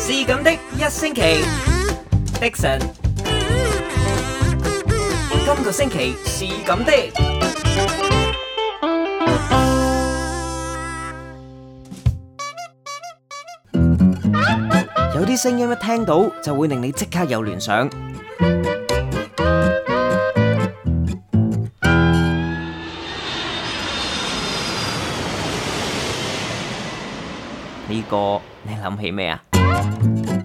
是咁的，一星期，Dixon，今個星期是咁的，有啲聲音一聽到就會令你即刻有聯想。呢個你諗起咩啊？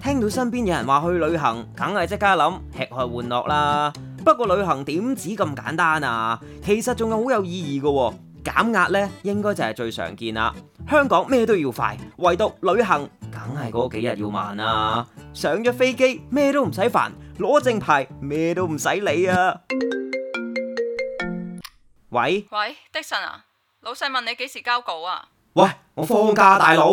聽到身邊有人話去旅行，梗係即刻諗吃喝玩樂啦。不過旅行點止咁簡單啊？其實仲有好有意義㗎喎，減壓呢應該就係最常見啦。香港咩都要快，唯獨旅行，梗係嗰幾日要慢啦啊。上咗飛機咩都唔使煩，攞正牌咩都唔使理啊。喂喂，迪神啊，老細問你幾時交稿啊？喂，我放假大佬。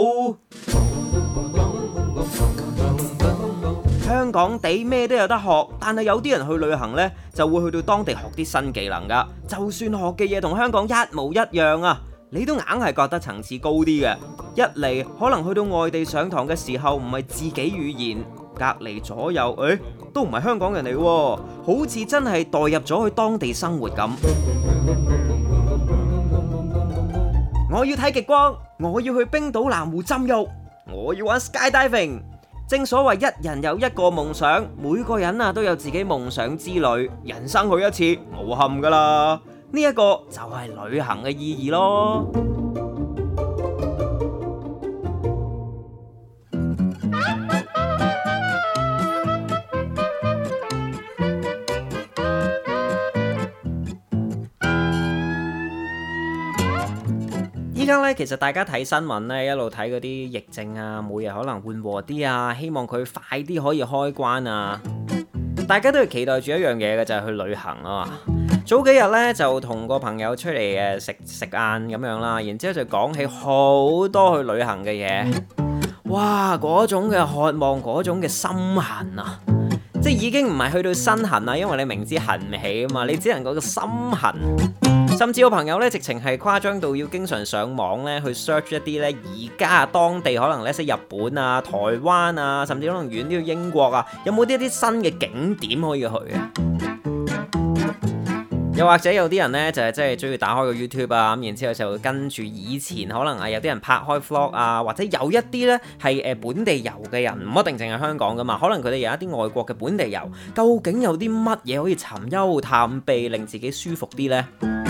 香港地咩都有得學，但係有啲人去旅行呢，就會去到當地學啲新技能噶。就算學嘅嘢同香港一模一樣啊，你都硬係覺得層次高啲嘅。一嚟可能去到外地上堂嘅時候，唔係自己語言，隔籬左右誒都唔係香港人嚟，好似真係代入咗去當地生活咁。我要睇極光，我要去冰島藍湖浸浴，我要玩 skydiving。正所謂一人有一個夢想，每個人啊都有自己夢想之旅，人生去一次冇憾噶啦，呢一個就係旅行嘅意義咯。依家咧，其實大家睇新聞咧，一路睇嗰啲疫症啊，每日可能緩和啲啊，希望佢快啲可以開關啊。大家都係期待住一樣嘢嘅，就係、是、去旅行啊嘛。早幾日咧就同個朋友出嚟誒食食晏咁樣啦、啊，然之後就講起好多去旅行嘅嘢。哇，嗰種嘅渴望，嗰種嘅心痕啊，即係已經唔係去到身痕啊，因為你明知痕唔起啊嘛，你只能講個心痕。甚至有朋友咧，直情係誇張到要經常上網咧去 search 一啲咧而家啊當地可能咧，即係日本啊、台灣啊，甚至可能遠啲英國啊，有冇啲一啲新嘅景點可以去啊？ 又或者有啲人咧，就係真係中意打開個 YouTube 啊，咁然之後就會跟住以前可能啊，有啲人拍開 Vlog 啊，或者有一啲咧係誒本地遊嘅人，唔一定淨係香港噶嘛，可能佢哋有一啲外國嘅本地遊，究竟有啲乜嘢可以尋幽探秘，令自己舒服啲呢？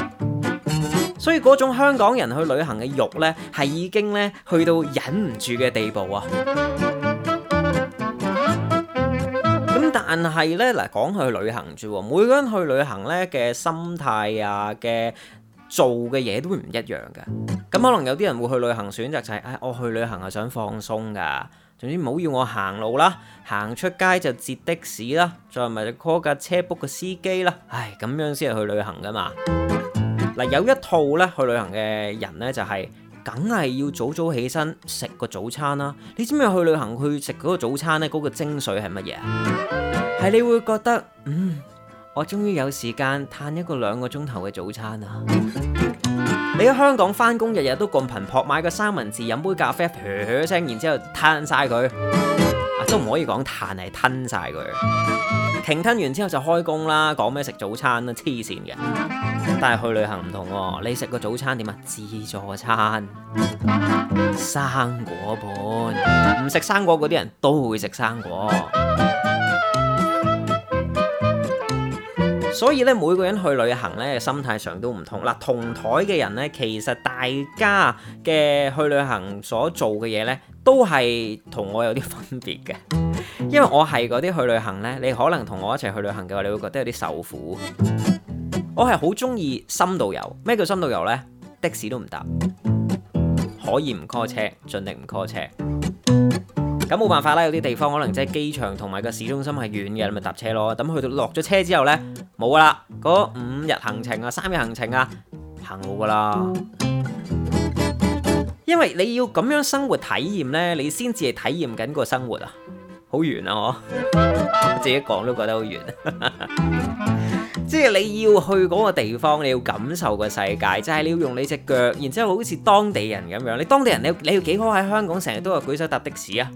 所以嗰種香港人去旅行嘅慾呢，係已經咧去到忍唔住嘅地步啊！咁但係呢，嗱，講去旅行啫喎，每個人去旅行呢嘅心態啊，嘅做嘅嘢都會唔一樣嘅。咁可能有啲人會去旅行選擇就係、是，唉，我去旅行係想放鬆㗎，總之唔好要我行路啦，行出街就截的士啦，再唔係就 call 架車 book 個司，司機啦，唉，咁樣先係去旅行㗎嘛。嗱，有一套咧去旅行嘅人咧就係，梗係要早早起身食個早餐啦。你知唔知去旅行去食嗰個早餐咧嗰個精髓係乜嘢啊？係你會覺得，嗯，我終於有時間嘆一個兩個鐘頭嘅早餐啦。 你喺香港翻工，日日都咁頻撲買個三文治，飲杯咖啡，噓噓聲，然之後嘆晒佢。都唔可以講痰係吞晒佢，停吞完之後就開工啦，講咩食早餐啦，黐線嘅。但係去旅行唔同喎，哦，你食個早餐點啊？自助餐，生果盤，唔食生果嗰啲人都會食生果。所以咧，每個人去旅行咧，心態上都唔同。嗱，同台嘅人咧，其實大家嘅去旅行所做嘅嘢咧，都係同我有啲分別嘅。因為我係嗰啲去旅行咧，你可能同我一齊去旅行嘅話，你會覺得有啲受苦。我係好中意深度遊。咩叫深度遊呢？的士都唔搭，可以唔 call 車，盡力唔 call 車。咁冇辦法啦，有啲地方可能即係機場同埋個市中心係遠嘅，你咪搭車咯。咁去到落咗車之後呢，冇噶啦，嗰五日行程啊，三日行程啊，行路噶啦。因為你要咁樣生活體驗呢，你先至係體驗緊個生活啊，好遠啊，我自己講都覺得好遠。即 係你要去嗰個地方，你要感受個世界，即、就、係、是、你要用你隻腳，然之後好似當地人咁樣。你當地人，你你要幾好喺香港成日都係舉手搭的士啊？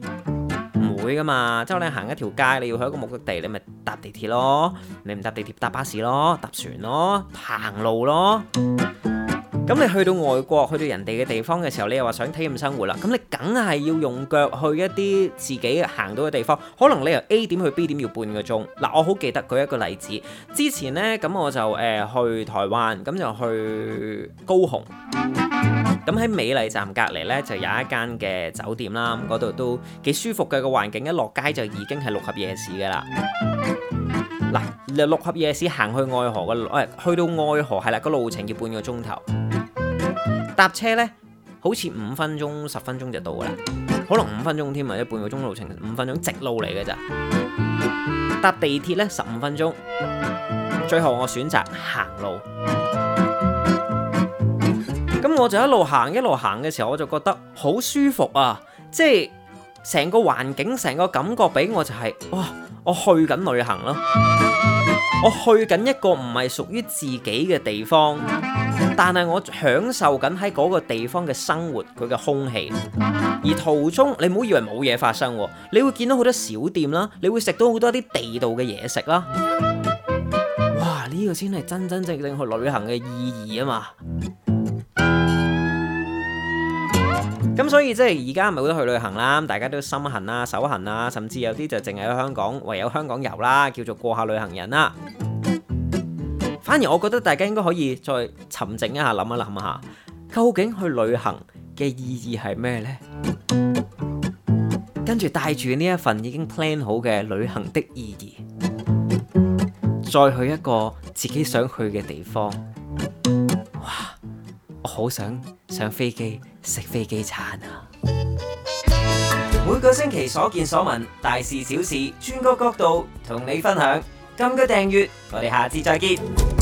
會噶嘛？之後你行一條街，你要去一個目的地，你咪搭地鐵咯。你唔搭地鐵，搭巴士咯，搭船咯，行路咯。咁 你去到外國，去到人哋嘅地方嘅時候，你又話想體驗生活啦。咁你梗係要用腳去一啲自己行到嘅地方。可能你由 A 點去 B 點要半個鐘。嗱，我好記得舉一個例子。之前呢，咁我就誒、呃、去台灣，咁就去高雄。咁喺美麗站隔籬咧就有一間嘅酒店啦，咁嗰度都幾舒服嘅個環境，一落街就已經係六合夜市噶啦。嗱，六合夜市行去愛河嘅，誒，去到愛河係啦，個路程要半個鐘頭。搭車咧好似五分鐘、十分鐘就到噶啦，可能五分鐘添啊，或者半個鐘路程，五分鐘直路嚟嘅咋？搭地鐵咧十五分鐘，最後我選擇行路。咁我就一路行一路行嘅時候，我就覺得好舒服啊！即係成個環境、成個感覺俾我就係，哇，我去緊旅行咯，我去緊一個唔係屬於自己嘅地方，但係我享受緊喺嗰個地方嘅生活，佢嘅空氣。而途中你唔好以為冇嘢發生，你會見到好多小店啦，你會食到好多啲地道嘅嘢食啦。哇！呢個先係真真正正去旅行嘅意義啊嘛！咁所以即係而家唔係好多去旅行啦，大家都心痕啊、手痕啊，甚至有啲就淨係喺香港，唯有香港遊啦，叫做過下旅行人啦。反而我覺得大家應該可以再沉靜一下，諗一諗下，究竟去旅行嘅意義係咩呢？跟住帶住呢一份已經 plan 好嘅旅行的意義，再去一個自己想去嘅地方。好想上飛機食飛機餐啊！每個星期所見所聞，大事小事，轉個角度同你分享。今個訂閱，我哋下次再見。